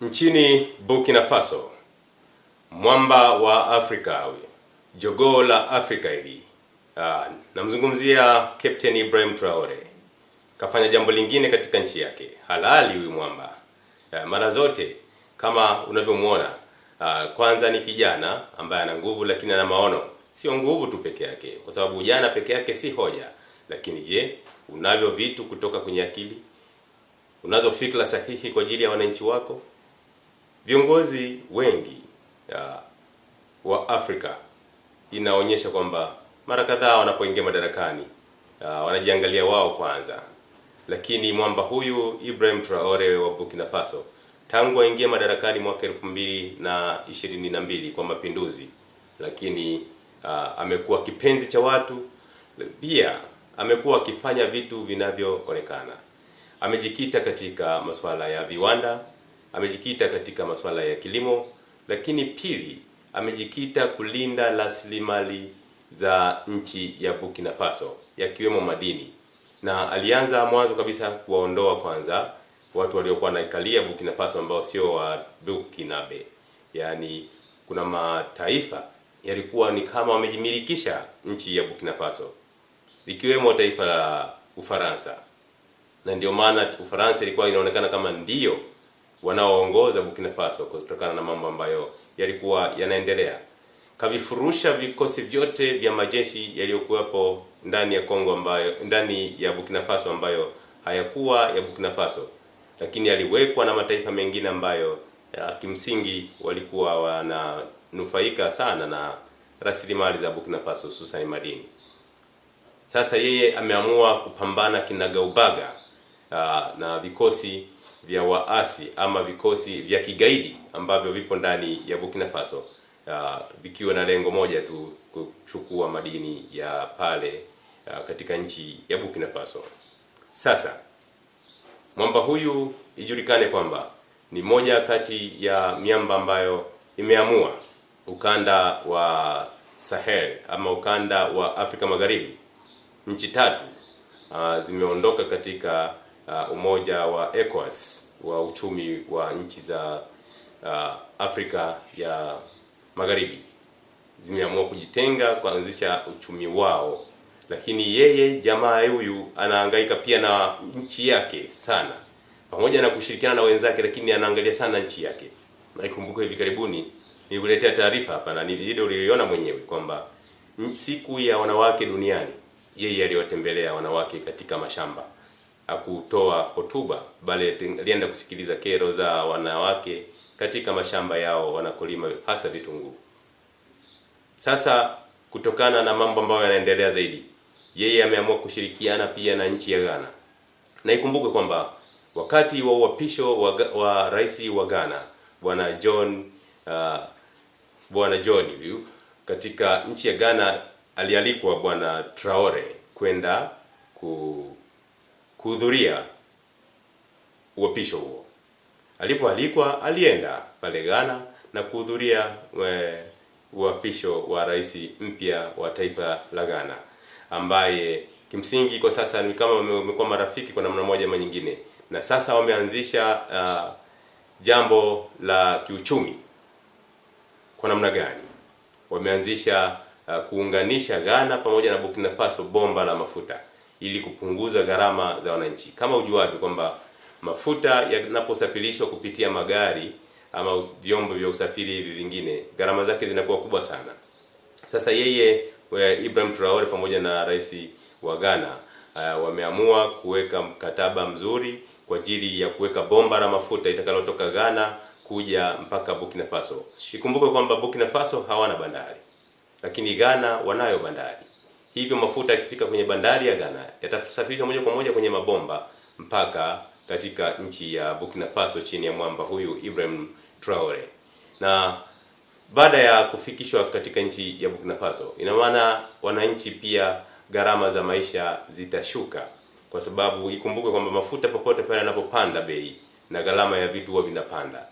Nchini Burkina Faso, mwamba wa Afrika, jogoo la Afrika hili, ah, namzungumzia Captain Ibrahim Traore, kafanya jambo lingine katika nchi yake. Halali huyu mwamba ah, mara zote, kama unavyomuona. Ah, kwanza ni kijana ambaye ana nguvu, lakini ana maono. Sio nguvu tu peke yake, kwa sababu ujana peke yake si hoja, lakini je, unavyo vitu kutoka kwenye akili? Unazo fikra sahihi kwa ajili ya wananchi wako? Viongozi wengi ya, wa Afrika inaonyesha kwamba mara kadhaa wanapoingia madarakani ya, wanajiangalia wao kwanza, lakini mwamba huyu Ibrahim Traore wa Burkina Faso tangu aingie madarakani mwaka elfu mbili na ishirini na mbili kwa mapinduzi, lakini amekuwa kipenzi cha watu, pia amekuwa akifanya vitu vinavyoonekana. Amejikita katika masuala ya viwanda amejikita katika masuala ya kilimo, lakini pili, amejikita kulinda rasilimali za nchi ya Burkina Faso yakiwemo madini, na alianza mwanzo kabisa kuwaondoa kwanza watu waliokuwa naikalia Burkina Faso ambao sio wa Burkinabe, yaani kuna mataifa yalikuwa ni kama wamejimilikisha nchi ya Burkina Faso likiwemo taifa la Ufaransa, na ndio maana Ufaransa ilikuwa inaonekana kama ndiyo wanaoongoza Burkina Faso kutokana na mambo ambayo yalikuwa yanaendelea. Kavifurusha vikosi vyote vya majeshi yaliyokuwepo ndani ya Kongo ambayo ndani ya Burkina Faso ambayo hayakuwa ya Burkina Faso, lakini yaliwekwa na mataifa mengine ambayo ya kimsingi walikuwa wananufaika sana na rasilimali za Burkina Faso hususani madini. Sasa yeye ameamua kupambana kinagaubaga ah, na vikosi vya waasi ama vikosi vya kigaidi ambavyo vipo ndani ya Burkina Faso uh, vikiwa na lengo moja tu kuchukua madini ya pale uh, katika nchi ya Burkina Faso. Sasa mwamba huyu ijulikane kwamba ni moja kati ya miamba ambayo imeamua ukanda wa Sahel ama ukanda wa Afrika Magharibi. Nchi tatu uh, zimeondoka katika uh, umoja wa ECOWAS wa uchumi wa nchi za uh, Afrika ya Magharibi zimeamua kujitenga kuanzisha uchumi wao, lakini yeye jamaa huyu anahangaika pia na nchi yake sana, pamoja na kushirikiana na wenzake, lakini anaangalia sana nchi yake. Naikumbuka hivi karibuni nilikuletea taarifa hapa na nilio uliona mwenyewe kwamba siku ya wanawake duniani, yeye aliwatembelea wanawake katika mashamba kutoa hotuba, bali alienda kusikiliza kero za wanawake katika mashamba yao wanakulima hasa vitunguu. Sasa kutokana na mambo ambayo yanaendelea zaidi, yeye ameamua kushirikiana pia na nchi ya Ghana, na ikumbuke kwamba wakati wa uapisho wa, wa rais wa Ghana bwana John uh, bwana John huyu katika nchi ya Ghana alialikwa bwana Traore kwenda ku kuhudhuria uapisho huo. Alipoalikwa alienda pale Ghana na kuhudhuria eh, uapisho wa rais mpya wa taifa la Ghana ambaye kimsingi kwa sasa ni kama wamekuwa marafiki kwa namna moja ama nyingine, na sasa wameanzisha uh, jambo la kiuchumi kwa namna gani wameanzisha uh, kuunganisha Ghana pamoja na Burkina Faso bomba la mafuta ili kupunguza gharama za wananchi. Kama ujuavyo kwamba mafuta yanaposafirishwa kupitia magari ama vyombo vya usafiri hivi vingine, gharama zake zinakuwa kubwa sana. Sasa yeye Ibrahim Traore pamoja na rais wa Ghana uh, wameamua kuweka mkataba mzuri kwa ajili ya kuweka bomba la mafuta itakalotoka Ghana kuja mpaka Burkina Faso. Ikumbuke kwamba Burkina Faso hawana bandari, lakini Ghana wanayo bandari. Hivyo mafuta yakifika kwenye bandari ya Ghana yatasafirishwa moja kwa moja kwenye mabomba mpaka katika nchi ya Burkina Faso chini ya mwamba huyu Ibrahim Traore. Na baada ya kufikishwa katika nchi ya Burkina Faso, ina maana wananchi pia gharama za maisha zitashuka, kwa sababu ikumbuke kwamba mafuta popote pale yanapopanda bei na gharama ya vitu huwa vinapanda,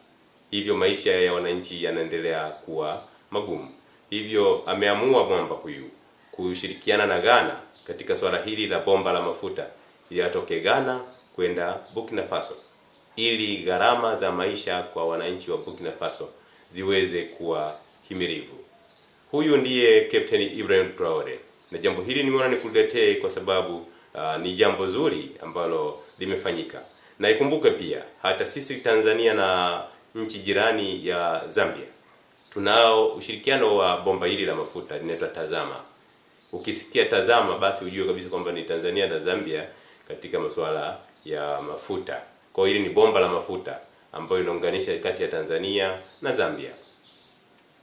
hivyo maisha ya wananchi yanaendelea kuwa magumu. Hivyo ameamua mwamba huyu kushirikiana na Ghana katika swala hili la bomba la mafuta yatoke Ghana kwenda Burkina Faso ili gharama za maisha kwa wananchi wa Burkina Faso ziweze kuwa himirivu. Huyu ndiye Captain Ibrahim Traore, na jambo hili nimeona nikuletee kwa sababu uh, ni jambo zuri ambalo limefanyika, na ikumbuke pia hata sisi Tanzania na nchi jirani ya Zambia tunao ushirikiano wa bomba hili la mafuta linaitwa Tazama. Ukisikia TAZAMA basi ujue kabisa kwamba ni Tanzania na Zambia katika masuala ya mafuta. Kwa hiyo hili ni bomba la mafuta ambayo inaunganisha kati ya Tanzania na Zambia.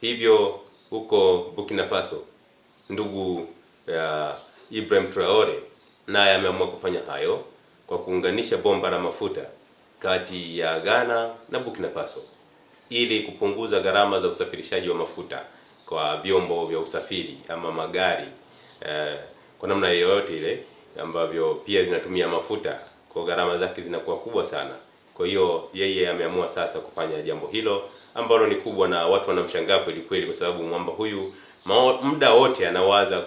Hivyo huko Burkina Faso ndugu ya uh, Ibrahim Traore naye ameamua kufanya hayo kwa kuunganisha bomba la mafuta kati ya Ghana na Burkina Faso ili kupunguza gharama za usafirishaji wa mafuta kwa vyombo vya usafiri ama magari. Eh, kwa namna yoyote ile, ambavyo pia zinatumia mafuta, kwa gharama zake zinakuwa kubwa sana. Kwa hiyo yeye ameamua sasa kufanya jambo hilo ambalo ni kubwa, na watu wanamshangaa kweli kweli, kwa sababu mwamba huyu muda wote anawaza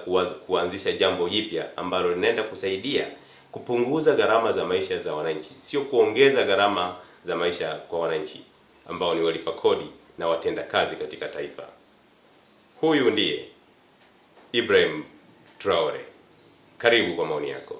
kuanzisha jambo jipya ambalo linaenda kusaidia kupunguza gharama za maisha za wananchi, sio kuongeza gharama za maisha kwa wananchi ambao ni walipa kodi na watenda kazi katika taifa. Huyu ndiye Ibrahim Traore. Karibu kwa maoni yako.